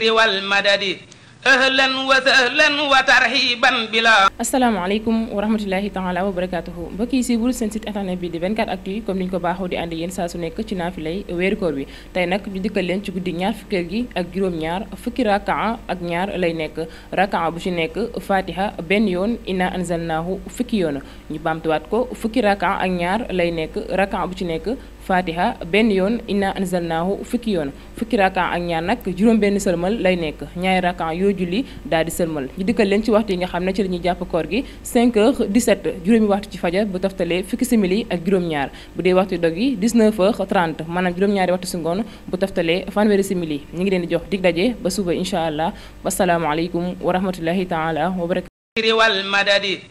wal madadi ahlan wa sahlan wa tarhiban bila asalaamaaleykum wa rahmatullahi taala wa barakatuhu mbokk yi si buru seen site internet bi di 24 actu yi comme ni ñu ko baaxoo di ànd yéen saa su nekk ci naafilay weeru koor bi tey nag ñu dikkal leen ci guddi ñaar fukkeel gi ak juróom-ñaar fukki rakaa ak ñaar lay nekk rakaa bu ci nekk fatiha benn yoon inna anzalnaahu fukki yoon ñu baamtuwaat ko fukki rakaa ak ñaar lay nekk rakaa bu ci nekk fatiha benn yoon inna anzalnaahu fukki yoon fukki rakaa ak ñaar nag juróom benn sëlmal lay nekk ñaari rakaa yooyu julli daal di sëlmal dikkal leen ci waxtu yi nga xam ne ci la jàpp koor gi 5 juróomi waxtu ci fajar bu taftalee fukki simili ak juróom-ñaar bu dee waxtu dog yi heures 30 maanaam juróom-ñaari waxtu si ngoon bu taftalee fanweeri simili ñu ngi leen di jox dig ba suba incha allah wasalaamualeykum wa rahmatullahi taala wa barakatu wal madadi